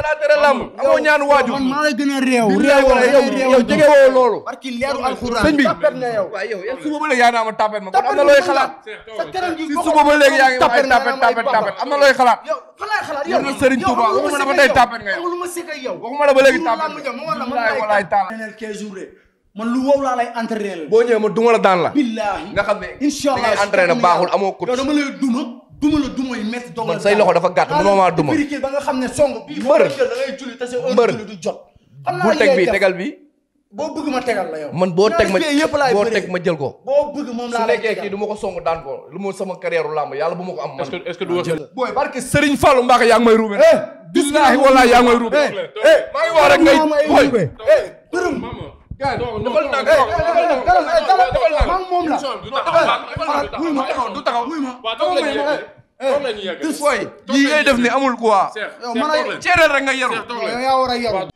danaa tere lamb amoo ñaan waajur man a loolu barki leeru alxuraan yaa na ma tapet ma kon am na looy xalaat si suba ba léegi yaa ngi tapet tapet tapet tapet am tapet nga yow lu ma sëkk ak tapet walaay lu wow laa lay boo ñëwee ma duma la daan la billaahi nga xam ne duma la duma yi métti doog la say loxo dafa gàtt mënoo maa duma ba mbër da teg bi tegal bi boo bëgg ma tegal la yow man boo teg ma boo teg ma jël ko boo bëgg kii du ko song daan ko lu ma sama carrière làmb yàlla bu ma ko am man est-ce que du booy barke Serigne Fallou Mbacké yaa ngi may ruube eh, eh, eh, booy moom la du taxaw ma def ni amul quoi. yow man a rek nga yaru yow yaa war a yaru